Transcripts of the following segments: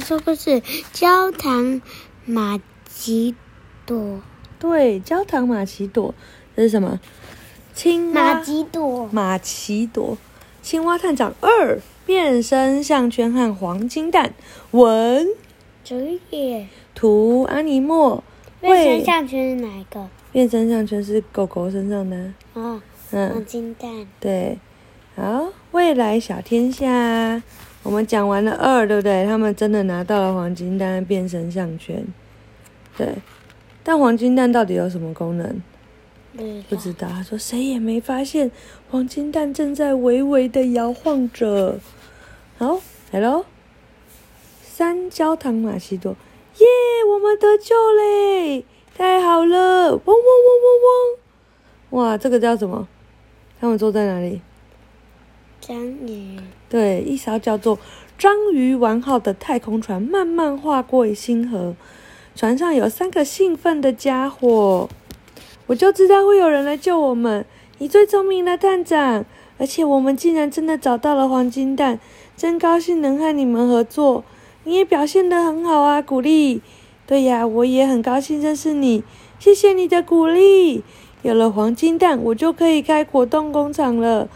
說不是焦糖瑪琪朵。對，焦糖瑪琪朵。這是什麼？青蛙瑪琪朵。瑪琪朵。青蛙探長二變身項圈和黃金蛋。文，哲也。圖，阿尼默變身項圈是哪一個？變身項圈是狗狗身上的。啊、哦，嗯、黃金蛋。對，好，未來小天下。我們講完了二，對不對？他們真的拿到了黃金蛋變身項圈，對。但黃金蛋到底有什麼功能？嗯、不知道。他說誰也沒發現，黃金蛋正在微微的搖晃着。好，來嘍。三，焦糖瑪琪朵，耶、yeah！我們得救嘞，太好了！嗡嗡嗡嗡嗡。哇，這個叫什麼？他們坐在哪裡？嗯嗯、對，一艘叫做“章魚丸號”的太空船慢慢劃過於星河，船上有三個興奮的傢伙。我就知道會有人來救我們，你最聰明了，探長。而且我們竟然真的找到了黃金蛋，真高興能和你們合作。你也表現得很好啊，鼓勵。對呀、啊，我也很高興認識你，謝謝你的鼓勵。有了黃金蛋，我就可以開果凍工廠了。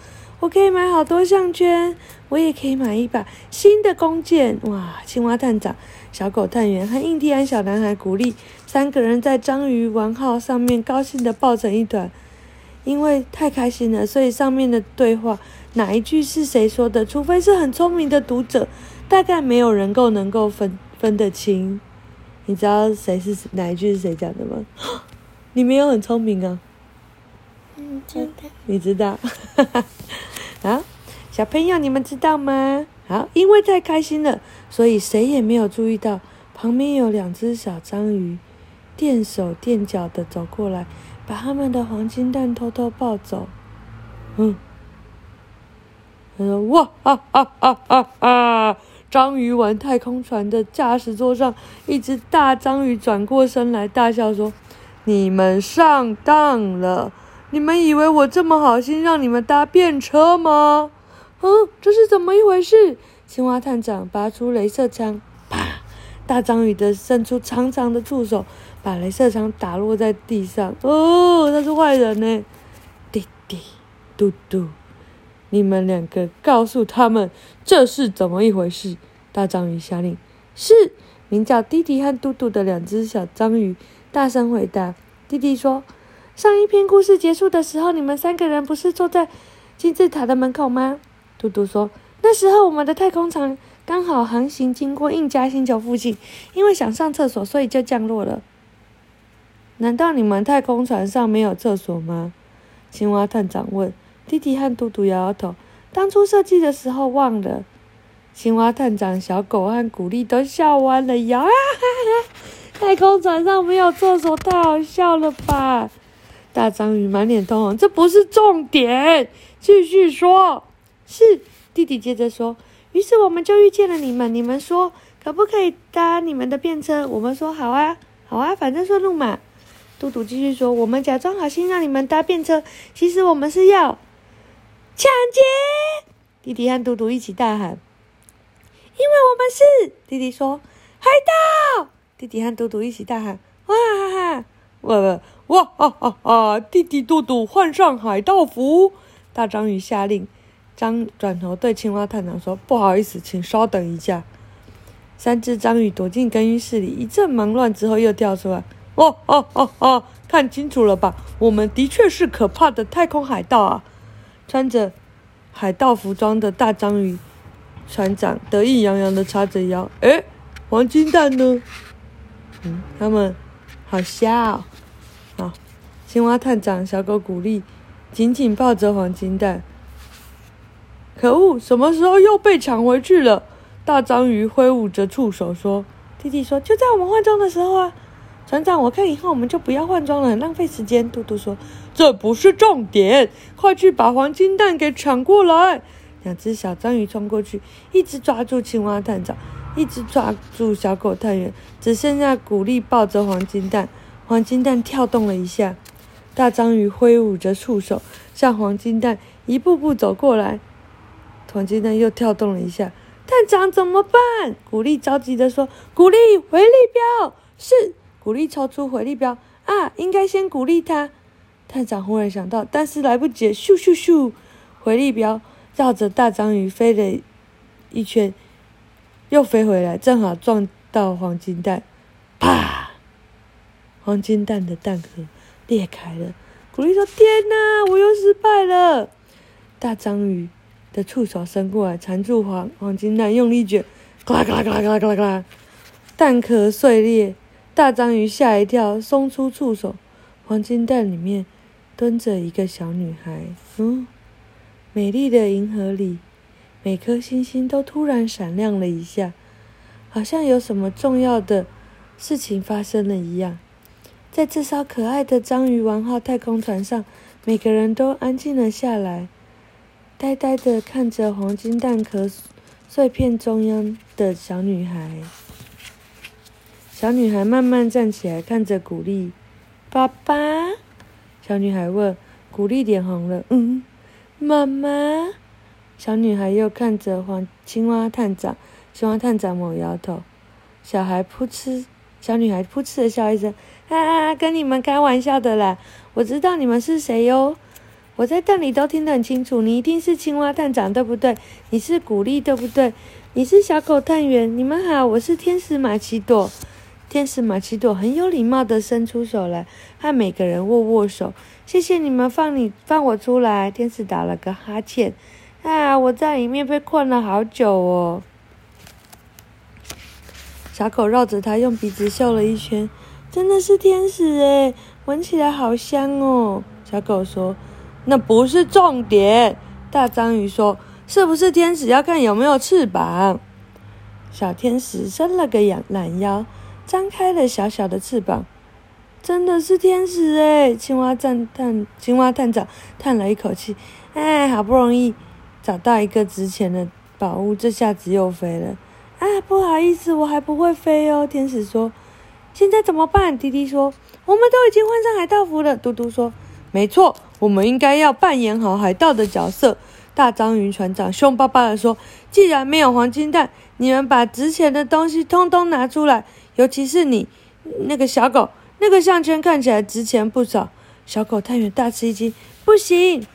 我可以買好多項圈，我也可以買一把新的弓箭。哇！青蛙探長、小狗探員和印第安小男孩古勵三個人在章魚王號上面高興的抱成一團，因為太開心了。所以上面的對話哪一句是誰說的？除非是很聰明的讀者，大概沒有人夠能夠分分得清。你知道誰是哪一句是誰講的嗎？你沒有很聰明啊？嗯，真的。你知道？ 啊，小朋友，你們知道嗎？好，因為太開心了，所以誰也沒有注意到旁邊有兩隻小章魚，踮手踮腳的走過來，把他們的黃金蛋偷偷抱走。嗯，然、嗯、他說哇哈哈哈，哈、啊啊啊啊啊、章魚玩太空船的駕駛座上，一隻大章魚轉過身來，大笑說：“你們上當了。”你們以為我這麼好心讓你們搭便車嗎？嗯、啊，這是怎麼一回事？青蛙探長拔出雷射槍，啪！大章魚的伸出長長的觸手，把雷射槍打落在地上。哦，他是壞人呢！弟弟，嘟嘟，你們兩個告訴他們這是怎麼一回事。大章魚下令。是，名叫弟弟和嘟嘟的兩隻小章魚大聲回答。弟弟說。上一篇故事結束的時候，你們三個人不是坐在金字塔的門口嗎？嘟嘟說：“那時候我們的太空船剛好航行經過印加星球附近，因為想上廁所，所以就降落了。”難道你們太空船上沒有廁所嗎？青蛙探長問。弟弟和嘟嘟搖搖頭。當初設計的時候忘了。青蛙探長、小狗和古麗都笑彎了腰。啊，哈哈，太空船上沒有廁所，太好笑了吧？大章魚滿臉通紅，這不是重點，繼續說。是弟弟接着說，於是我們就遇見了你們。你們說可不可以搭你們的便車？我們說好啊，好啊，反正順路嘛。嘟嘟繼續說，我們假裝好心讓你們搭便車，其實我們是要搶劫。弟弟和嘟嘟一起大喊，因為我們是，弟弟說，海盜！弟弟和嘟嘟一起大喊。問問、呃、哇哈哈哈，弟弟嘟嘟換上海盜服，大章魚下令。章轉頭對青蛙探長說：“不好意思，請稍等一下。”三只章魚躲進更衣室裡，一陣忙亂之後又跳出來。哇哈哈哈，看清楚了吧？我們的確是可怕的太空海盜啊！穿着海盜服裝的大章魚船長得意洋洋地叉着腰。哎、欸，黃金蛋呢？嗯，他們。好笑，哦，好，青蛙探長，小狗鼓勵，緊緊抱着黃金蛋。可惡，什麼時候又被搶回去了？大章魚揮舞着觸手說：“弟弟說就在我們換裝的時候啊。”船長，我看以後我們就不要換裝了，浪費時間。嘟嘟說：“這不是重點，快去把黃金蛋給搶過來！”兩只小章魚衝過去，一直抓住青蛙探長。一直抓住小狗探員，只剩下古力抱着黃金蛋，黃金蛋跳動了一下。大章魚揮舞着觸手，向黃金蛋一步步走過來。黃金蛋又跳動了一下。探長怎麼辦？古力着急地說：“古力，回力鏢！”是古力抽出回力鏢啊，應該先鼓勵他。探長忽然想到，但是來不及，咻咻咻咻！回力鏢繞着大章魚飛了一圈。又飛回來，正好撞到黃金蛋，啪！黃金蛋的蛋殼裂開了。古力說：“天哪，我又失敗了！”大章魚的觸手伸過來，纏住黃黃金蛋，用力一捲，咔啦咔啦咔啦咔啦咔啦咔啦，蛋殼碎裂。大章魚嚇一跳，鬆出觸手。黃金蛋裡面蹲着一個小女孩。嗯，美麗的銀河裡。每顆星星都突然閃亮了一下，好像有什麼重要的事情發生了一樣。在這艘可愛的章魚王號太空船上，每個人都安靜了下來，呆呆地看着黃金蛋殼碎片中央的小女孩。小女孩慢慢站起來，看着鼓勵，爸爸？小女孩問，鼓勵臉紅了，嗯，媽媽。小女孩又看着黃青蛙探長，青蛙探長猛搖頭。小孩噗嗤，小女孩噗嗤的笑一聲：“啊啊，啊，啊跟你們開玩笑的啦！我知道你們是誰喲，我在洞裡都聽得很清楚。你一定是青蛙探長，對不對？你是古力，對不對？你是小狗探員，你們好，我是天使瑪琪朵。天使瑪琪朵很有禮貌的伸出手來，和每個人握握手。謝謝你們放你放我出來。天使打了個哈欠。”啊！我在裡面被困了好久哦。小狗繞着它用鼻子嗅了一圈，真的是天使哎，聞起來好香哦。小狗說：“那不是重點。”大章魚說：“是不是天使要看有沒有翅膀？”小天使伸了個懶腰，張開了小小的翅膀，真的是天使哎！青蛙探探青蛙探長嘆了一口氣：“哎，好不容易。”找到一個值錢的寶物，這下子又飛了。啊，不好意思，我還不會飛哦。天使說：“現在怎麼辦？”迪迪說：“我們都已經換上海盜服了。”嘟嘟說：“沒錯，我們應該要扮演好海盜的角色。”大章魚船長兇巴巴的說：“既然沒有黃金蛋，你們把值錢的東西通通拿出來，尤其是你那個小狗，那個項圈看起來值錢不少。”小狗探員大吃一驚：“不行！”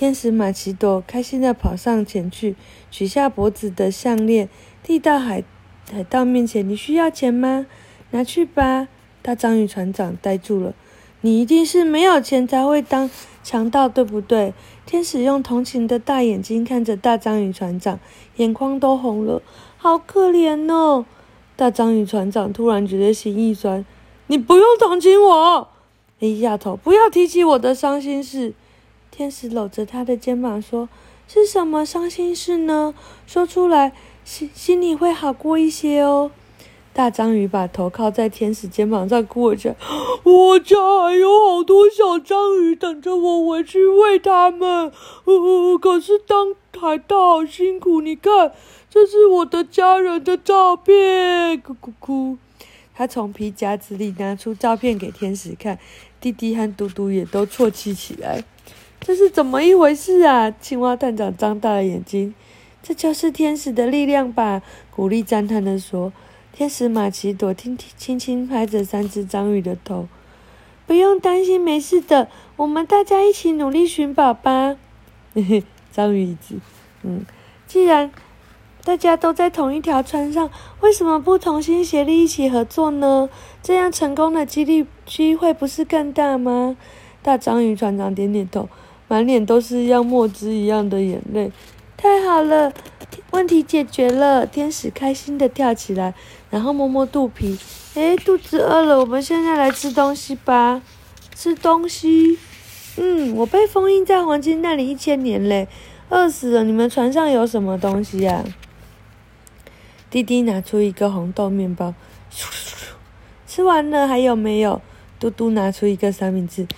天使瑪琪朵開心地跑上前去，取下脖子的項鏈，遞到海海盜面前：“你需要錢嗎？拿去吧。”大章魚船長呆住了：“你一定是沒有錢才會當強盜，對不對？”天使用同情的大眼睛看着大章魚船長，眼眶都紅了，好可憐哦！大章魚船長突然覺得心一酸：“你不用同情我，低、欸、丫頭，不要提起我的傷心事。”天使摟着他的肩膀說：“是什麼傷心事呢？說出來心心裡會好過一些哦。”大章魚把頭靠在天使肩膀上，哭着：“我家還有好多小章魚等着我回去餵它們。嗚、呃、嗚，可是當海盜好辛苦。你看，這是我的家人的照片。哭哭哭，他從皮夾子裡拿出照片給天使看，弟弟和嘟嘟也都啜泣起來。”這是怎麼一回事啊？青蛙探長張大了眼睛。這就是天使的力量吧？鼓勵讚嘆地說。天使瑪琪朵輕輕輕輕拍着三隻章魚的頭。不用擔心，沒事的。我們大家一起努力尋寶吧。嘿嘿，章魚子，嗯，既然大家都在同一條船上，為什麼不同心協力一起合作呢？這樣成功的幾率機會不是更大嗎？大章魚船長點點頭。滿臉都是像墨汁一樣的眼淚。太好了，問題解決了！天使開心地跳起來，然後摸摸肚皮。誒、欸，肚子餓了，我們現在來吃東西吧。吃東西？嗯，我被封印在黃金那裡一千年嘞，餓死了！你們船上有什麼東西呀，啊？滴滴拿出一個紅豆麵包，咻咻咻，吃完了還有沒有？嘟嘟拿出一個三明治。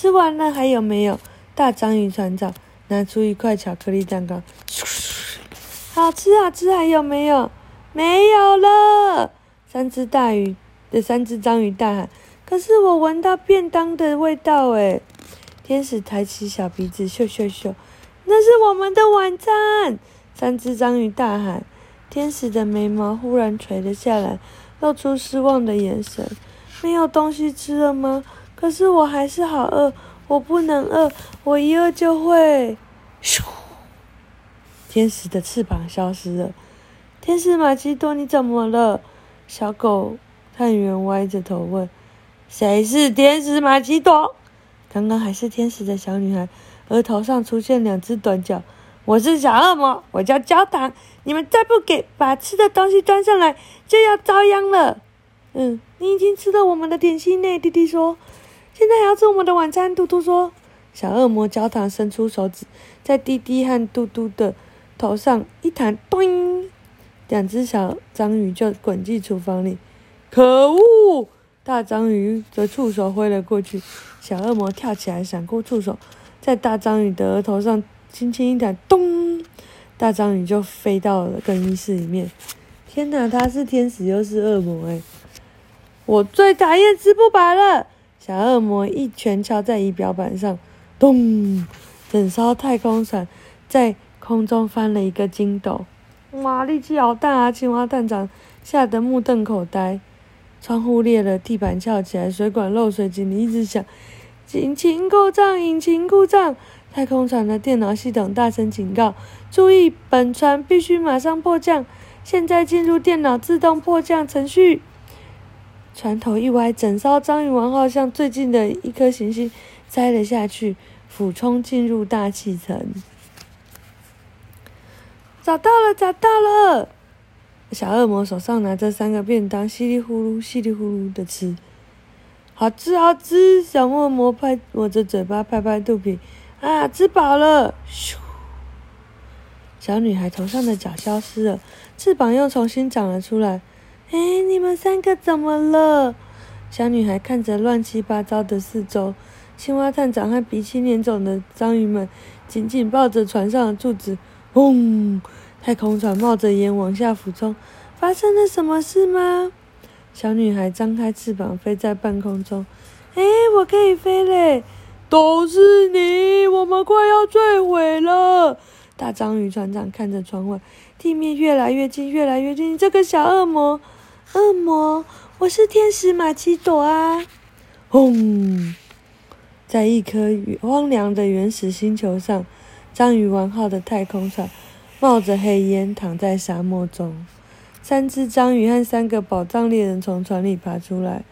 吃完了還有沒有？大章魚船長拿出一塊巧克力蛋糕，好吃好吃，還有沒有？沒有了。三隻大魚的三隻章魚大喊：“可是我聞到便當的味道哎！”天使抬起小鼻子嗅嗅嗅，那是我們的晚餐。三隻章魚大喊，天使的眉毛忽然垂了下來，露出失望的眼神：“沒有東西吃了嗎？”可是我還是好餓，我不能餓，我一餓就會。咻！天使的翅膀消失了。天使瑪琪朵，你怎麼了？小狗探員歪着頭問。誰是天使瑪琪朵？剛剛還是天使的小女孩，額頭上出現兩只短角。我是小惡魔，我叫焦糖。你們再不給把吃的東西端上來，就要遭殃了。嗯，你已經吃了我們的點心呢。弟弟說。現在還要做我們的晚餐，嘟嘟說。小惡魔焦糖伸出手指，在滴滴和嘟嘟的頭上一彈，咚！兩隻小章魚就滾進廚房裡。可惡！大章魚的觸手揮了過去。小惡魔跳起來閃過觸手，在大章魚的額頭上輕輕一彈，咚！大章魚就飛到了更衣室裡面。天哪，他是天使又是惡魔哎、欸！我最討厭吃不飽了。小惡魔一拳敲在儀表板上，咚！整艘太空船在空中翻了一個筋斗。哇，力氣好大啊！青蛙探長嚇得目瞪口呆。窗戶裂了，地板翹起來，水管漏水，警鈴一直響。引擎故障，引擎故障！太空船的電腦系統大聲警告：注意，本船必須馬上迫降。現在進入電腦自動迫降程序。船頭一歪，整艘章魚王號向最近的一顆行星栽了下去，俯衝進入大氣層。找到了，找到了！小惡魔手上拿着三個便當，唏哩呼嚕、唏哩呼嚕的吃，好吃好吃！小惡魔，魔拍抹著嘴巴，拍拍肚皮，啊，吃飽了！咻！小女孩頭上的角消失了，翅膀，又重新長了出來。哎、欸，你們三個怎麼了？小女孩看着亂七八糟的四周，青蛙探長和鼻青臉腫的章魚們緊緊抱着船上的柱子。轟！太空船冒着煙往下俯衝，發生了什麼事嗎？小女孩張開翅膀飛在半空中。哎、欸，我可以飛嘞！都是你，我們快要墜毀了。大章魚船長看着窗外，地面越來越近，越來越近。你這個小惡魔！惡魔，我是天使瑪琪朵啊！轟！在一顆荒涼的原始星球上，章魚王號的太空船冒着黑煙躺在沙漠中。三隻章魚和三個寶藏獵人從船裡爬出來。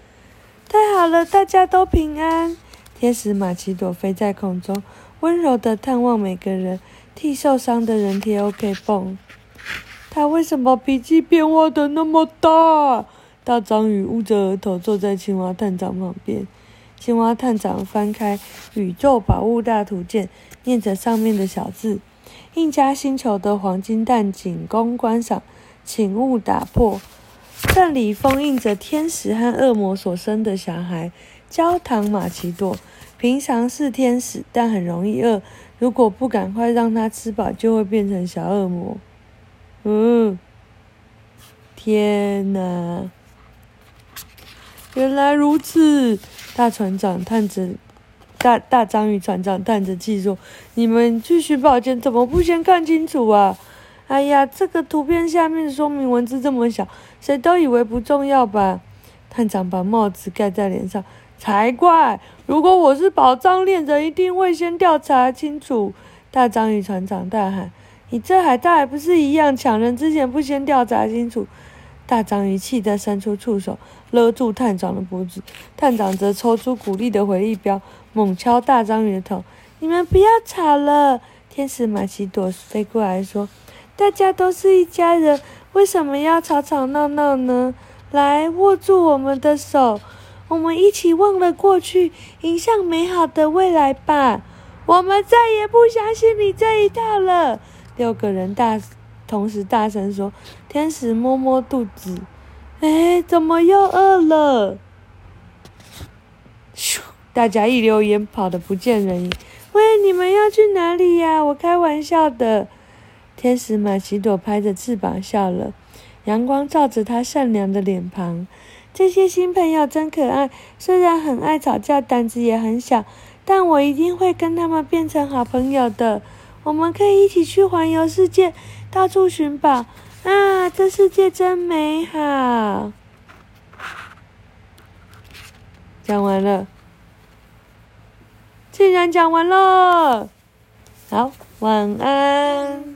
太好了，大家都平安。天使瑪琪朵飛在空中，溫柔地探望每個人，替受傷的人貼 OK 繃。他為什麼脾氣變化的那麼大？大章魚捂着額頭坐在青蛙探長旁邊。青蛙探長翻開《宇宙寶物大圖鑑》，念着上面的小字：“印加星球的黃金蛋僅供觀賞，請勿打破。這裡封印着天使和惡魔所生的小孩，焦糖瑪琪朵。平常是天使，但很容易餓。如果不趕快讓他吃飽，就會變成小惡魔。”嗯，天哪！原來如此，大船長嘆著，大大章魚船長嘆著氣說：“你們去尋寶前怎麼不先看清楚啊？哎呀，這個圖片下面說明文字這麼小，誰都以為不重要吧？”探長把帽子蓋在臉上，才怪！如果我是寶藏獵人，一定會先調查清楚。大章魚船長大喊。你這還這還不是一樣？搶人之前不先調查清楚？大章魚氣得伸出觸手勒住探長的脖子，探長則抽出古力的回力鏢猛敲大章魚的頭。你們不要吵了！天使瑪琪朵飛過來說：“大家都是一家人，為什麼要吵吵鬧鬧呢？來，握住我們的手，我們一起忘了過去，迎向美好的未來吧！我們再也不相信你這一套了。”六個人大同時大聲說：“天使摸摸肚子，哎、欸，怎麼又餓了？”咻！大家一溜煙跑得不見人影。喂，你們要去哪裡呀、啊？我開玩笑的。天使瑪琪朵拍着翅膀笑了。陽光照着他善良的臉龐。這些新朋友真可愛，雖然很愛吵架，膽子也很小，但我一定會跟他們變成好朋友的。我們可以一起去環遊世界，到處尋寶。啊，這世界真美好。講完了，竟然講完了，好，晚安。